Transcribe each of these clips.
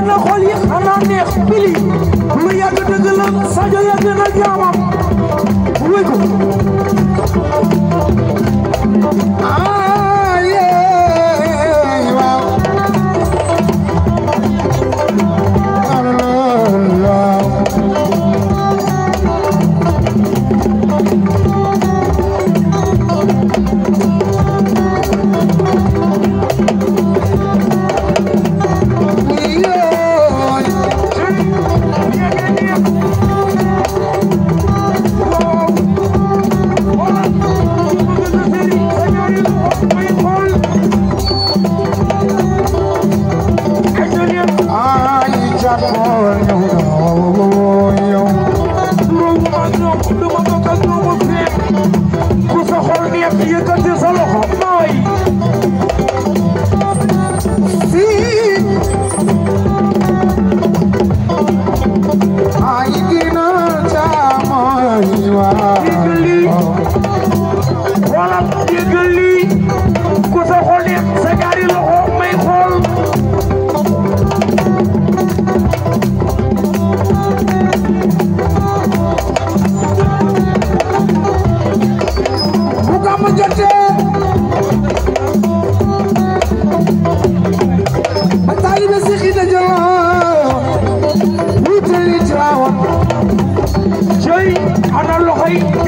te na xool yi xanaa neex bili lu yàgg dëgg la Sadio yàgg na jaamam wéy ko Thank you.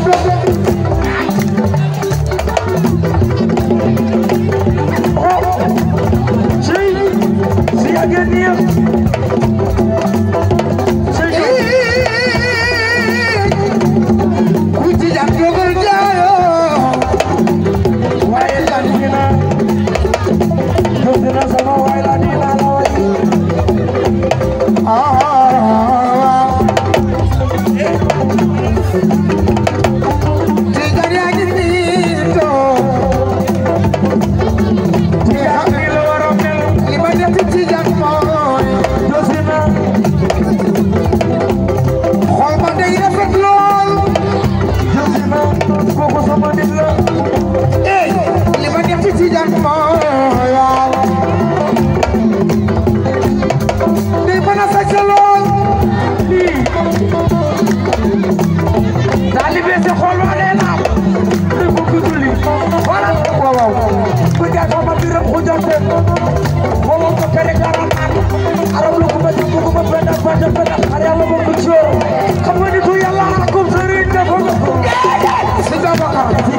Fuck out.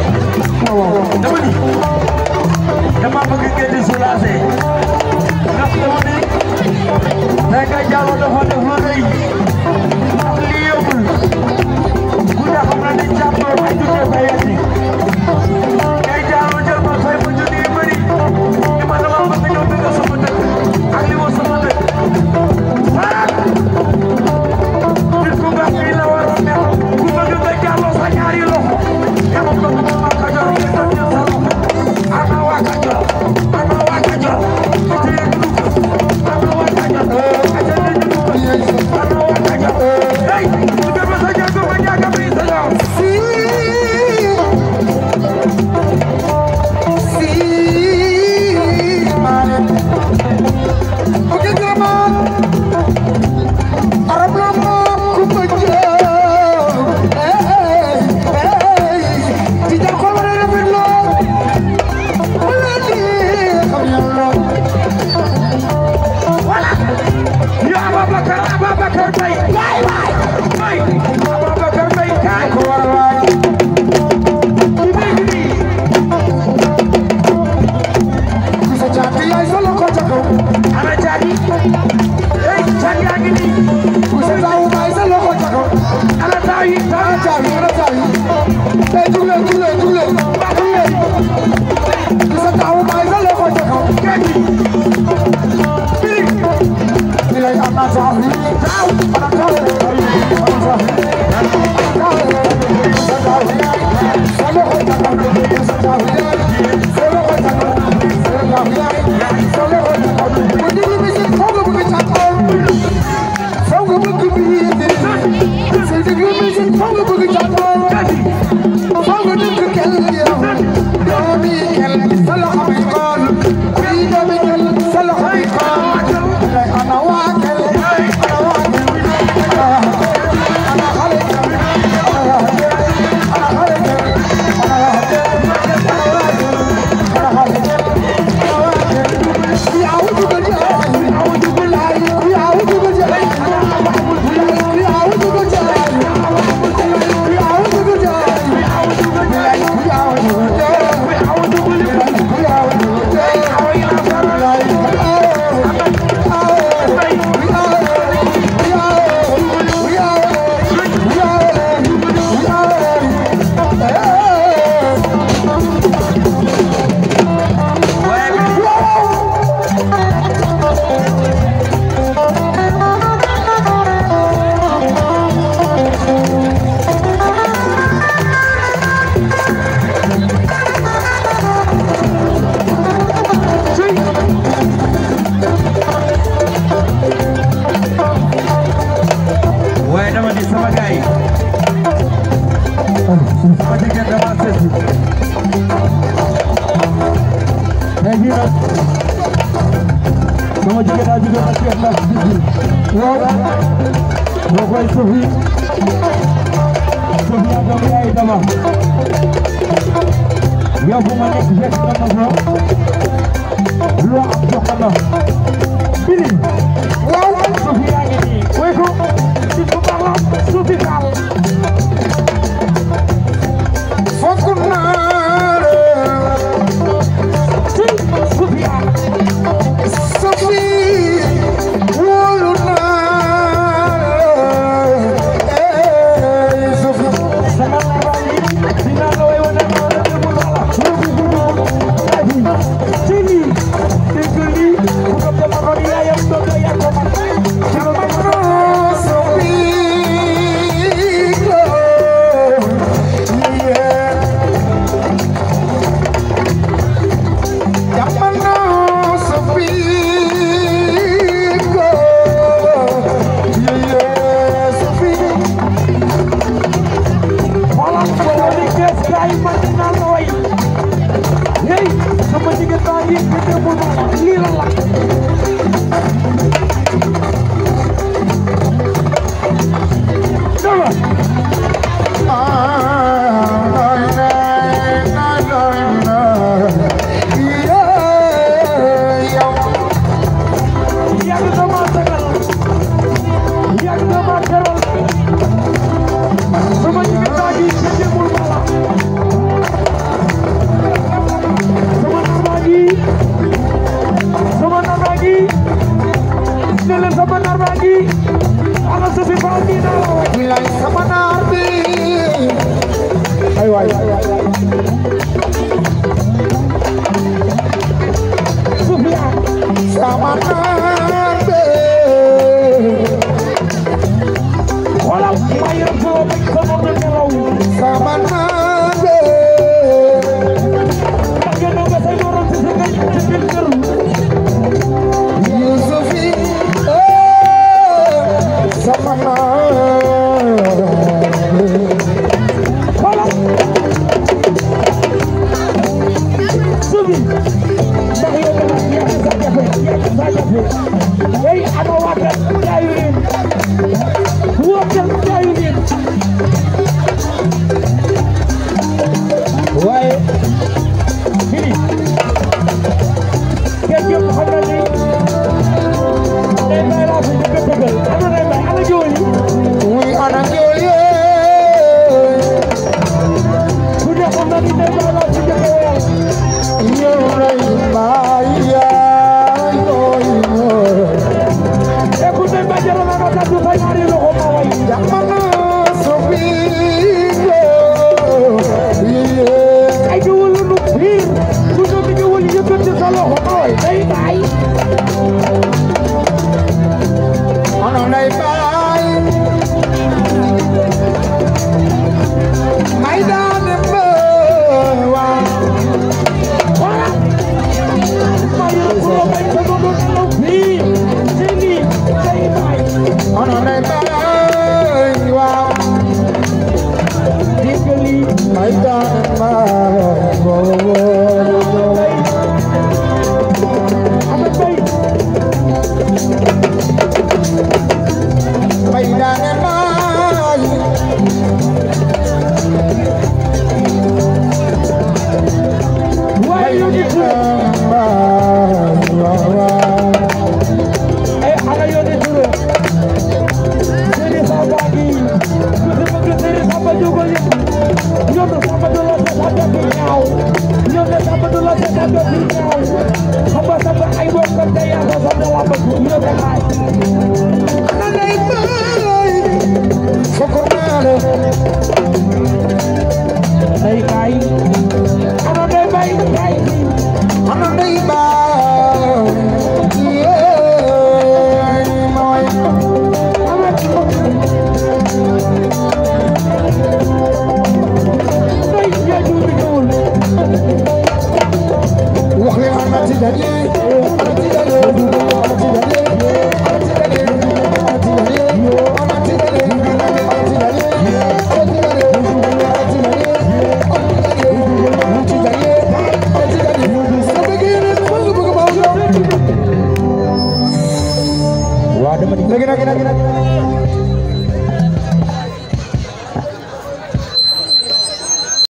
dama ni dama bëgg ngeen di soulager ndax dama ne Ndeye Gaye Diallo dafa def lu rëy Hallelujah. Yeah, naa la way hey sama jigéen baa ngi lii la la Yo, tak yo, yo, yo,